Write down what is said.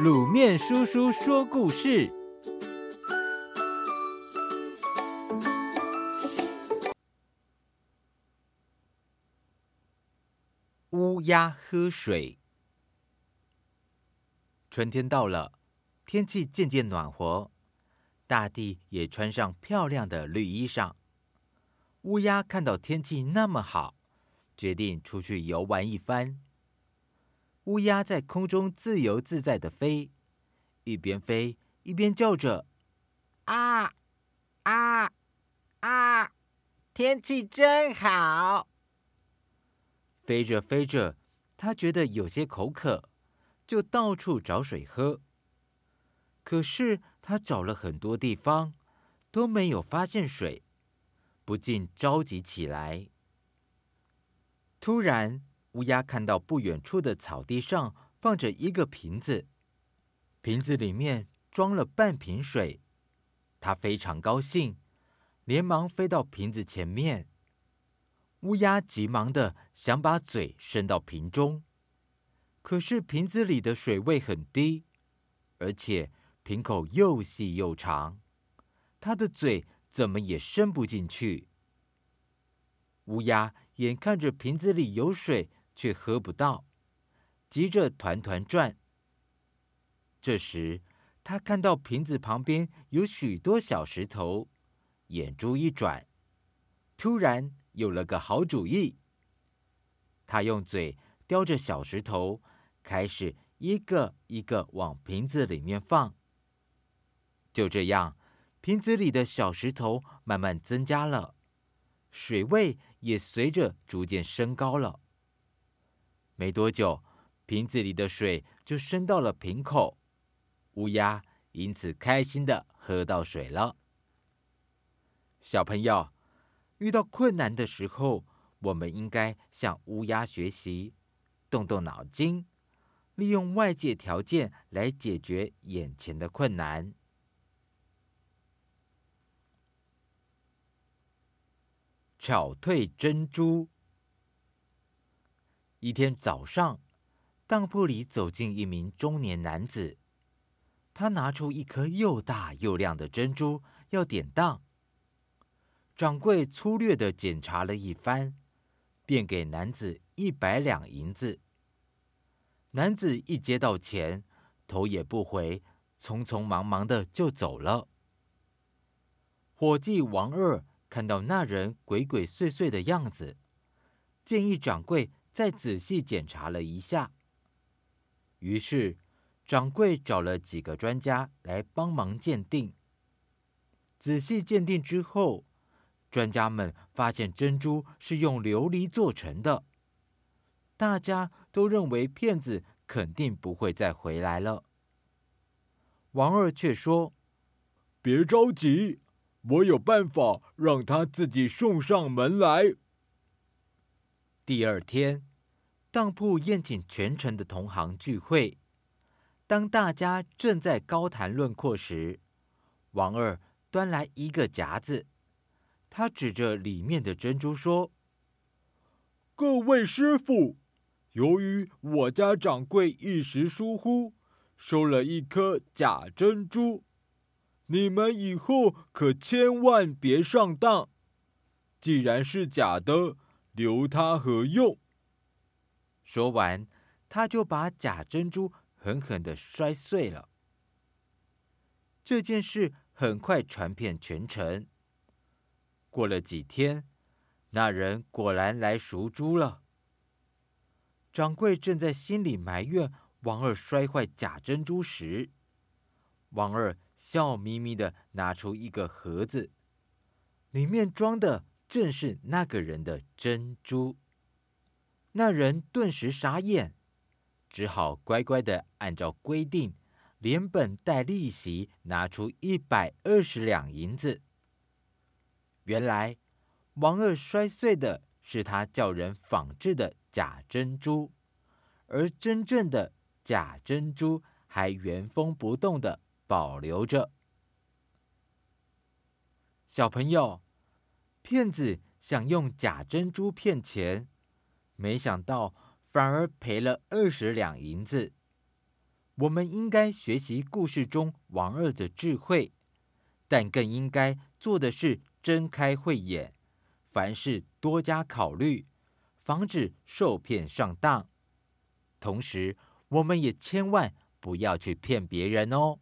滷麵叔叔說故事：烏鴉喝水。春天到了，天氣漸漸暖和，大地也穿上漂亮的綠衣裳。烏鴉看到天氣那麼好，決定出去遊玩一番。烏鴉在空中自由自在的飛，一邊飛一邊叫着：“啊，啊，啊！”天氣真好。飛着飛着，它覺得有些口渴，就到處找水喝。可是它找了很多地方，都沒有發現水，不禁着急起來。突然，烏鴉看到不遠處的草地上放着一個瓶子，瓶子裡面裝了半瓶水，它非常高興，連忙飛到瓶子前面。烏鴉急忙地想把嘴伸到瓶中，可是瓶子裡的水位很低，而且瓶口又細又長，它的嘴怎麼也伸不進去。烏鴉眼看着瓶子裡有水，卻喝不到，急着團團轉。這時，他看到瓶子旁邊有許多小石頭，眼珠一轉，突然有了個好主意。他用嘴叼着小石頭，開始一個一個往瓶子裡面放。就這樣，瓶子裡的小石頭慢慢增加了，水位也隨着逐漸升高了。沒多久，瓶子裡的水就升到了瓶口，烏鴉因此開心地喝到水了。小朋友，遇到困難的時候，我們應該向烏鴉學習，動動腦筋，利用外界條件來解決眼前的困難。巧退珍珠。一天早上，當鋪裡走進一名中年男子，他拿出一顆又大又亮的珍珠要典當。掌櫃粗略地檢查了一番，便給男子一百兩銀子。男子一接到錢，頭也不回，匆匆忙忙的就走了。夥計王二看到那人鬼鬼祟祟的樣子，建議掌櫃。再仔細檢查了一下，於是掌櫃找了幾個專家來幫忙鑑定。仔細鑑定之後，專家們發現珍珠是用琉璃做成的，大家都認為騙子肯定不會再回來了。王二卻說：“別着急，我有辦法讓他自己送上門來。”第二天，當鋪宴請全城的同行聚會。當大家正在高談論闊時，王二端來一個匣子，他指着裡面的珍珠說：“各位師傅，由於我家掌櫃一時疏忽，收了一顆假珍珠，你們以後可千萬別上當。既然是假的。”留他何用？說完，他就把假珍珠狠狠的摔碎了。這件事很快傳遍全城。過了幾天，那人果然來贖珠了。掌櫃正在心裡埋怨王二摔壞假珍珠時，王二笑眯眯的拿出一個盒子，裡面裝的。正是那個人的珍珠，那人頓時傻眼，只好乖乖的按照規定，連本帶利息，拿出一百二十兩銀子。原來王二摔碎的是他叫人仿製的假珍珠，而真正的假珍珠還原封不動的保留着。小朋友。騙子想用假珍珠騙錢，沒想到反而賠了二十兩銀子。我們應該學習故事中王二的智慧，但更應該做的是睜開慧眼，凡事多加考慮，防止受騙上當。同時，我們也千萬不要去騙別人哦。